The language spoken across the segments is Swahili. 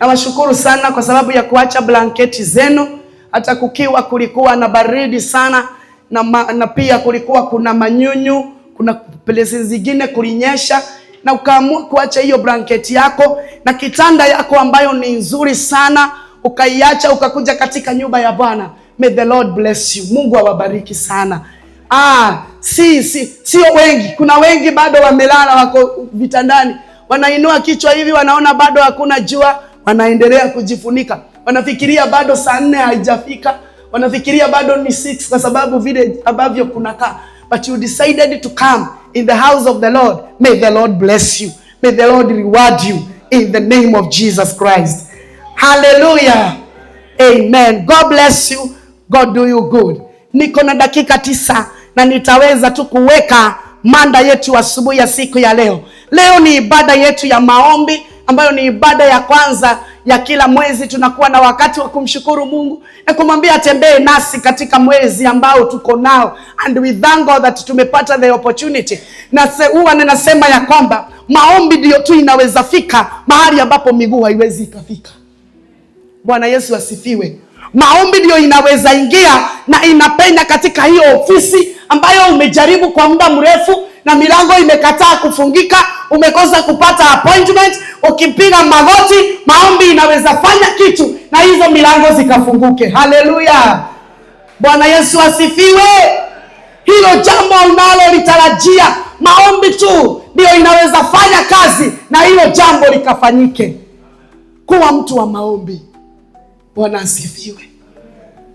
Nawashukuru sana kwa sababu ya kuacha blanketi zenu, hata kukiwa kulikuwa na baridi sana na, ma, na pia kulikuwa kuna manyunyu, kuna pelezi zingine kulinyesha, na ukaamua kuacha hiyo blanketi yako na kitanda yako ambayo ni nzuri sana ukaiacha ukakuja katika nyumba ya Bwana. May the Lord bless you. Mungu awabariki sana. Ah, si si sio wengi, kuna wengi bado wamelala, wako vitandani, wanainua kichwa hivi, wanaona bado hakuna jua wanaendelea kujifunika, wanafikiria bado saa nne haijafika, wanafikiria bado ni six, kwa sababu vile ambavyo kunakaa. But you decided to come in the house of the Lord. May the Lord bless you, may the Lord reward you in the name of Jesus Christ. Hallelujah. Amen. God bless you. God do you good. Niko na dakika tisa na nitaweza tu kuweka manda yetu asubuhi ya siku ya leo. Leo ni ibada yetu ya maombi ambayo ni ibada ya kwanza ya kila mwezi. Tunakuwa na wakati wa kumshukuru Mungu na kumwambia atembee nasi katika mwezi ambao tuko nao, and we thank God that tumepata the opportunity. Na huwa ninasema ya kwamba maombi ndio tu inaweza fika mahali ambapo miguu haiwezi ikafika. Bwana Yesu asifiwe. Maombi ndio inaweza ingia na inapenya katika hiyo ofisi ambayo umejaribu kwa muda mrefu na milango imekataa kufungika, umekosa kupata appointment. Ukipiga magoti, maombi inaweza fanya kitu na hizo milango zikafunguke. Haleluya, Bwana Yesu asifiwe. Hilo jambo unalolitarajia maombi tu ndiyo inaweza fanya kazi na hilo jambo likafanyike. Kuwa mtu wa maombi. Bwana asifiwe.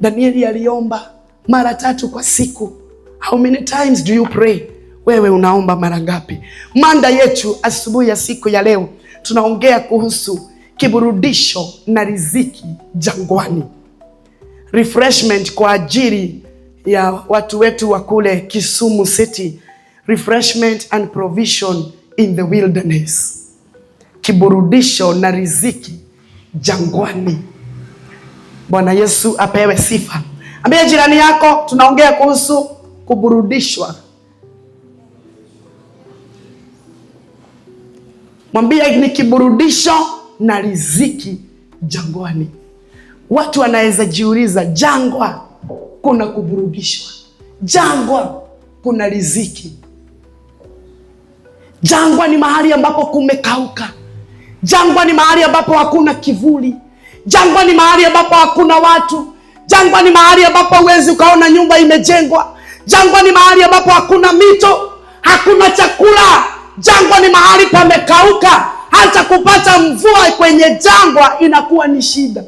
Danieli aliomba mara tatu kwa siku. How many times do you pray? Wewe unaomba mara ngapi? Mada yetu asubuhi ya siku ya leo tunaongea kuhusu kiburudisho na riziki jangwani, refreshment kwa ajili ya watu wetu wa kule Kisumu City, refreshment and provision in the wilderness, kiburudisho na riziki jangwani. Bwana Yesu apewe sifa. Ambia jirani yako, tunaongea kuhusu kuburudishwa mwambia ni kiburudisho na riziki jangwani. Watu wanaweza jiuliza, jangwa kuna kuburudishwa, jangwa kuna riziki, jangwa ni mahali ambapo kumekauka, jangwa ni mahali ambapo hakuna kivuli, jangwa ni mahali ambapo hakuna watu, jangwa ni mahali ambapo huwezi ukaona nyumba imejengwa, jangwa ni mahali ambapo hakuna mito, hakuna chakula Jangwa ni mahali pamekauka, hata kupata mvua kwenye jangwa inakuwa ni shida.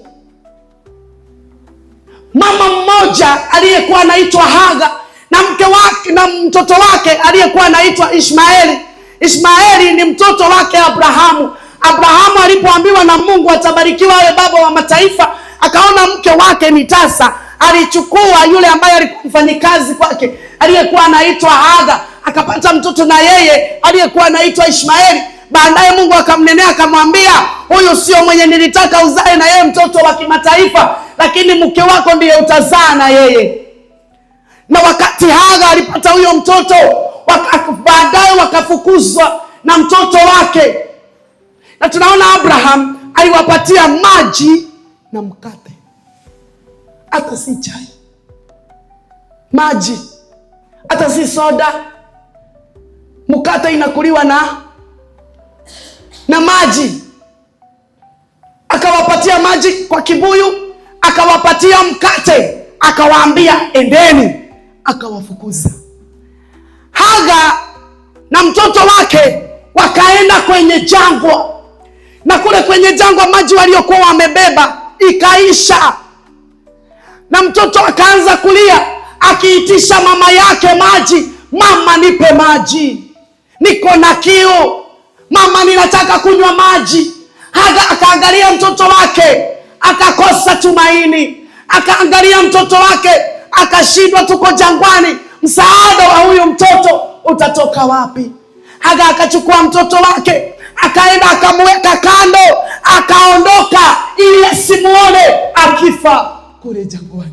Mama mmoja aliyekuwa anaitwa Haga na mke wake na mtoto wake aliyekuwa anaitwa Ishmaeli. Ishmaeli ni mtoto wake Abrahamu. Abrahamu alipoambiwa na Mungu atabarikiwa awe baba wa mataifa, akaona mke wake ni tasa, alichukua yule ambaye alikuwa mfanyikazi kwake aliyekuwa anaitwa Haga akapata mtoto na yeye aliyekuwa anaitwa Ishmaeli. Baadaye Mungu akamnenea akamwambia, huyu sio mwenye nilitaka uzae na yeye mtoto wa kimataifa, lakini mke wako ndiye utazaa na yeye. Na wakati Haga alipata huyo mtoto waka, baadaye wakafukuzwa na mtoto wake, na tunaona Abraham aliwapatia maji na mkate, hata si chai, maji hata si soda mkate inakuliwa na na maji. Akawapatia maji kwa kibuyu, akawapatia mkate, akawaambia endeni, akawafukuza. Haga na mtoto wake wakaenda kwenye jangwa, na kule kwenye jangwa maji waliokuwa wamebeba ikaisha, na mtoto akaanza kulia akiitisha mama yake maji, mama nipe maji niko na kiu mama, ninataka kunywa maji. Haga akaangalia mtoto wake akakosa tumaini, akaangalia mtoto wake akashindwa, tuko jangwani, msaada wa huyu mtoto utatoka wapi? Haga akachukua mtoto wake akaenda akamweka kando, akaondoka ili asimuone akifa kule jangwani.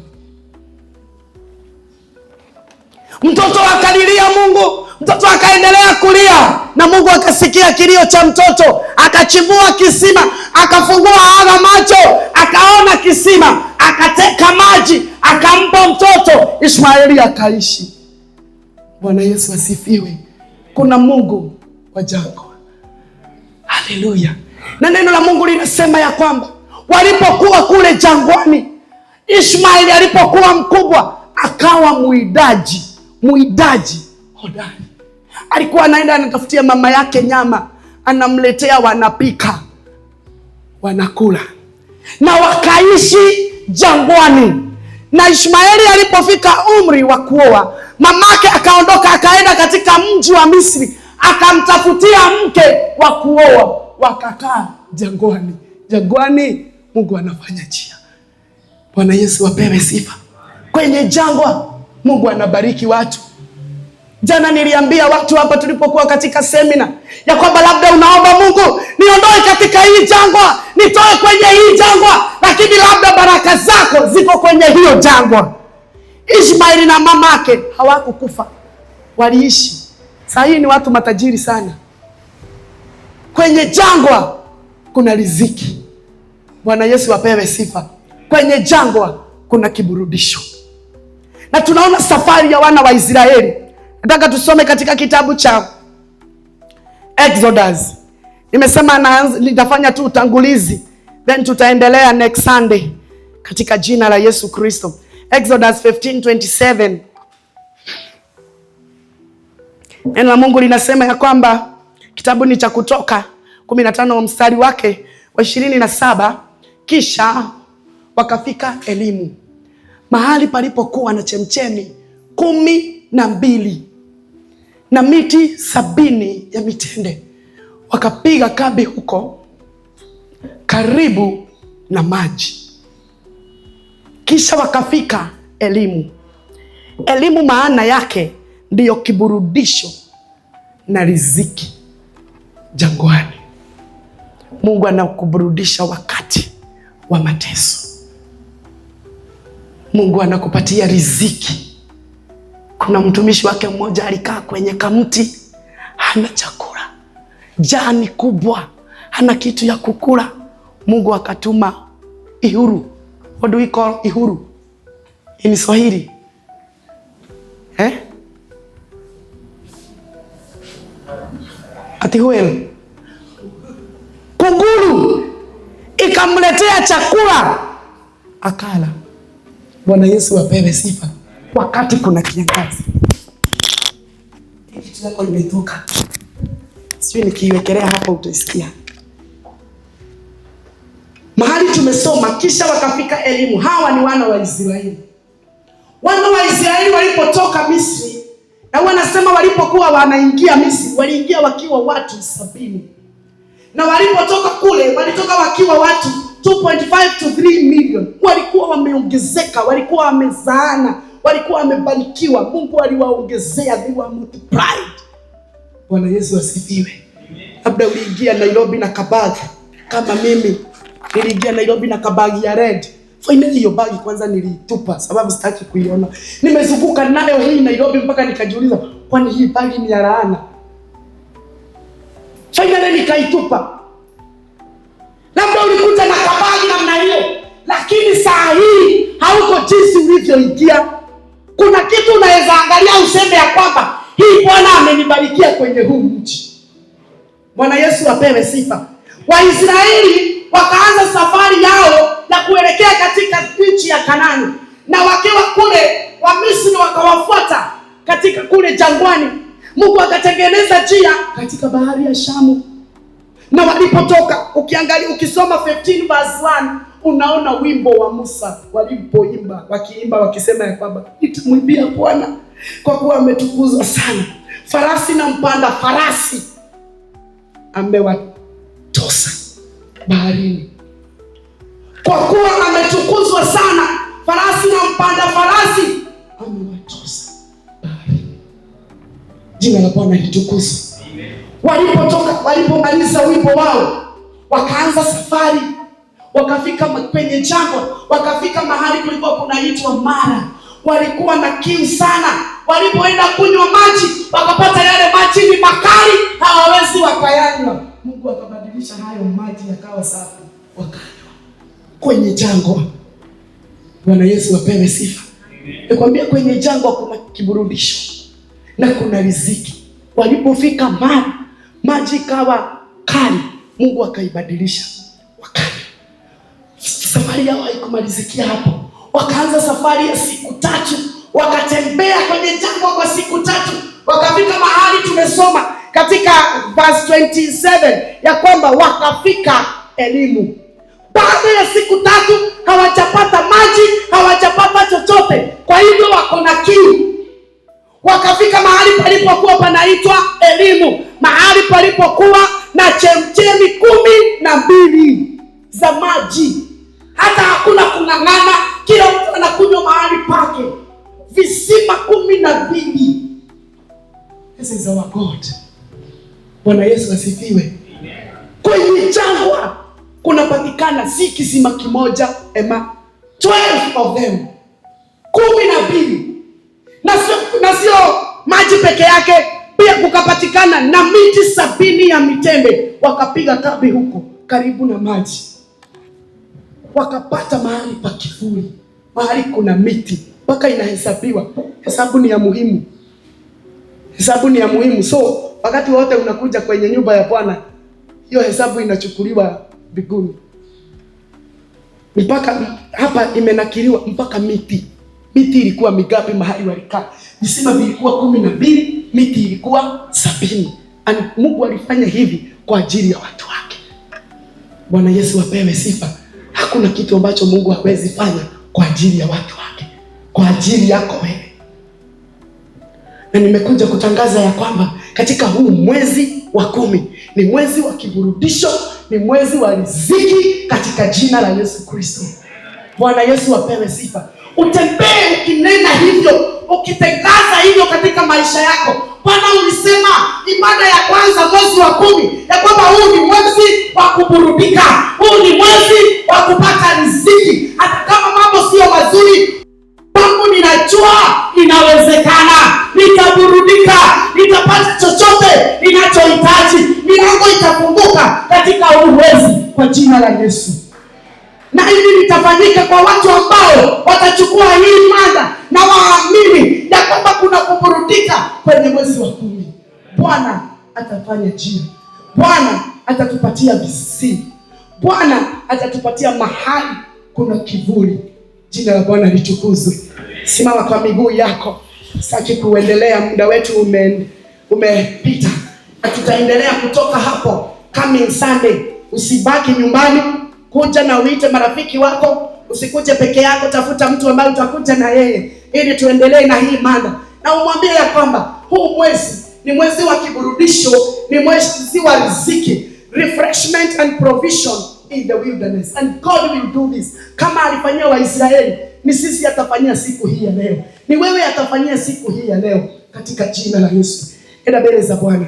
Mtoto akalilia Mungu, Mtoto akaendelea kulia na Mungu akasikia kilio cha mtoto, akachimbua kisima, akafungua aga macho, akaona kisima, akateka maji, akampa mtoto Ishmaeli, akaishi. Bwana Yesu asifiwe. Kuna Mungu wa jangwa, haleluya. Na neno la Mungu linasema ya kwamba walipokuwa kule jangwani, Ishmaeli alipokuwa mkubwa, akawa mwidaji, mwidaji hodari. Alikuwa anaenda anatafutia mama yake nyama, anamletea, wanapika, wanakula na wakaishi jangwani. Na Ishmaeli alipofika umri wa kuoa, mamake akaondoka akaenda katika mji wa Misri akamtafutia mke wa kuoa, wakakaa jangwani. Jangwani Mungu anafanya njia. Bwana Yesu wapewe sifa. Kwenye jangwa Mungu anabariki watu Jana niliambia watu hapa tulipokuwa katika semina ya kwamba labda unaomba Mungu, niondoe katika hii jangwa, nitoe kwenye hii jangwa, lakini labda baraka zako ziko kwenye hiyo jangwa. Ishmaeli na mamake hawakukufa, waliishi. Saa hii ni watu matajiri sana. Kwenye jangwa kuna riziki. Bwana Yesu apewe sifa. Kwenye jangwa kuna kiburudisho, na tunaona safari ya wana wa Israeli Nataka tusome katika kitabu cha Exodus. Nimesema nitafanya tu utangulizi, then tutaendelea next Sunday katika jina la Yesu Kristo. Exodus 15:27. Neno la Mungu linasema ya kwamba kitabu ni cha Kutoka 15 mstari wake wa 27, kisha wakafika Elimu mahali palipokuwa na chemchemi kumi na mbili na miti sabini ya mitende. Wakapiga kambi huko karibu na maji, kisha wakafika elimu. Elimu maana yake ndiyo kiburudisho na riziki jangwani. Mungu anakuburudisha wakati wa mateso. Mungu anakupatia riziki kuna mtumishi wake mmoja alikaa kwenye kamti, hana chakula, jani kubwa, hana kitu ya kukula. Mungu akatuma ihuru. What do we call ihuru in Swahili eh? Atihuel kunguru ikamletea chakula akala. Bwana Yesu apewe sifa wakati kuna kiangazi. Kitu yako imetoka, sijui nikiiwekelea hapa utaisikia mahali tumesoma. Kisha wakafika elimu. Hawa ni wana wa Israeli. Wana wa Israeli walipotoka Misri, na wanasema walipokuwa wanaingia Misri waliingia wakiwa watu sabini, na walipotoka kule walitoka wakiwa watu 2.5 to 3 million. Walikuwa wameongezeka, walikuwa wamezaana walikuwa wamebarikiwa, Mungu aliwaongezea, they were multiplied. Bwana Yesu asifiwe. Labda uliingia Nairobi na kabagi kama mimi niliingia Nairobi na kabagi ya red. Finally hiyo bagi kwanza niliitupa, sababu sitaki kuiona. Nimezunguka nayo hii Nairobi mpaka nikajiuliza, kwani hii bagi ni ya laana? Finally nikaitupa. Labda ulikuta na kabagi namna hiyo, lakini saa hii hauko jinsi ulivyoingia. Kuna kitu unaweza angalia useme ya kwamba hii Bwana amenibarikia kwenye huu mji. Bwana Yesu apewe sifa. Waisraeli wakaanza safari yao na kuelekea katika nchi ya kanani na wakiwa kule Wamisri wakawafuata katika kule jangwani. Mungu akatengeneza njia katika bahari ya Shamu, na walipotoka, ukiangalia ukisoma 15 verse 1 Unaona wimbo wa Musa walipoimba, wakiimba wakisema ya kwamba nitamwimbia Bwana kwa kuwa ametukuzwa sana. Farasi na mpanda farasi amewatosa baharini, kwa kuwa ametukuzwa sana. Farasi na mpanda farasi amewatosa baharini. Jina la Bwana litukuzwe. Walipotoka, walipomaliza wimbo wao, wakaanza safari wakafika kwenye jangwa, wakafika mahali kulikuwa kunaitwa Mara. Walikuwa na kiu sana, walipoenda kunywa maji wakapata yale maji ni makali, hawawezi wakayanywa. Mungu akabadilisha hayo maji yakawa safi, wakanywa kwenye jangwa. Bwana Yesu apewe sifa. Nikwambia, kwenye jangwa kuna kiburudisho na kuna riziki. Walipofika Mara, maji ikawa kali, Mungu akaibadilisha yao haikumalizikia hapo. Wakaanza safari ya siku tatu, wakatembea kwenye jangwa kwa siku tatu, wakafika mahali tumesoma katika verse 27 ya kwamba wakafika elimu. Baada ya siku tatu hawajapata maji, hawajapata chochote, kwa hivyo wako na kiu. Wakafika mahali palipokuwa panaitwa elimu, mahali palipokuwa na chemchemi kumi na mbili za maji hata hakuna kung'ang'ana, kila mtu anakunywa mahali pake, visima kumi na mbili. This is our God. Bwana Yesu asifiwe. Kwenye jangwa kunapatikana si kisima kimoja ema, 12 of them, kumi na mbili, na sio maji peke yake, pia kukapatikana na miti sabini ya mitende, wakapiga kambi huko karibu na maji wakapata mahali pa kivuli, mahali kuna miti mpaka inahesabiwa. Hesabu ni ya muhimu, hesabu ni ya muhimu. So wakati wote unakuja kwenye nyumba ya Bwana, hiyo hesabu inachukuliwa biguni mpaka hapa imenakiliwa mpaka miti. Miti ilikuwa migapi mahali walikaa? Visima vilikuwa kumi na mbili, miti ilikuwa sabini. Mungu alifanya hivi kwa ajili ya watu wake. Bwana Yesu apewe sifa hakuna kitu ambacho Mungu hawezi fanya kwa ajili ya watu wake, kwa ajili yako wewe. Na nimekuja kutangaza ya kwamba katika huu mwezi wa kumi ni mwezi wa kiburudisho, ni mwezi wa riziki katika jina la Yesu Kristo. Bwana Yesu apewe sifa. Utembee ukinena hivyo, ukitangaza hivyo katika maisha yako. Bwana ulisema ibada ya kwanza mwezi wa kumi ya kwamba huu ni mwezi wa kuburudika. Yesu, na hivi litafanyika kwa watu ambao watachukua hii mada na waamini ya kwamba kuna kuburudika kwenye mwezi wa kumi. Bwana atafanya jina Bwana atatupatia visii, Bwana atatupatia mahali kuna kivuli. Jina la Bwana litukuzwe. Simama kwa miguu yako, sitaki kuendelea, muda wetu ume, umepita. Tutaendelea kutoka hapo coming Sunday. Usibaki nyumbani, kuja na uite marafiki wako, usikuje peke yako, tafuta mtu ambaye utakuja na yeye ili tuendelee na hii mada, na umwambie ya kwamba huu mwezi ni mwezi wa kiburudisho, ni mwezi wa riziki, refreshment and provision in the wilderness and God will do this. Kama alifanyia Waisraeli, ni sisi atafanyia siku hii ya leo, ni wewe atafanyia siku hii ya leo, katika jina la Yesu. Enda mbele za Bwana,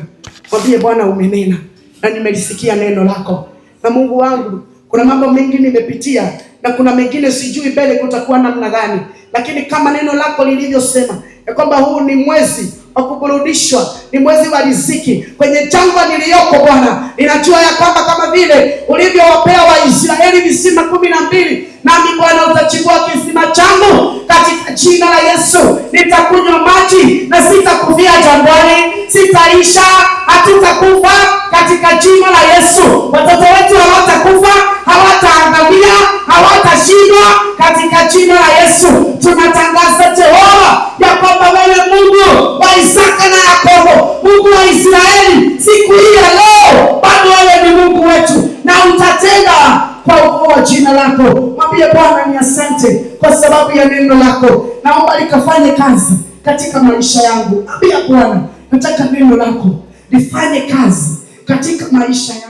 mwambie Bwana, umenena na nimelisikia neno lako na Mungu wangu, kuna mambo mengi nimepitia na kuna mengine sijui mbele kutakuwa namna gani, lakini kama neno lako lilivyosema ya kwamba huu ni mwezi wa kuburudishwa, ni mwezi wa riziki. Kwenye jangwa niliyoko Bwana, ninajua ya kwamba kama vile ulivyowapea Waisraeli visima kumi na mbili, nami Bwana utachimbua kisima changu kati katika jina la Yesu. Nitakunywa maji na sitakufia jangwani, sitaisha, hatutakufa katika jina la Yesu. Watoto wetu hawatakufa, hawataangamia kwa sababu ya neno lako. Naomba likafanye kazi katika maisha yangu. Ambia Bwana, nataka neno lako lifanye kazi katika maisha yangu.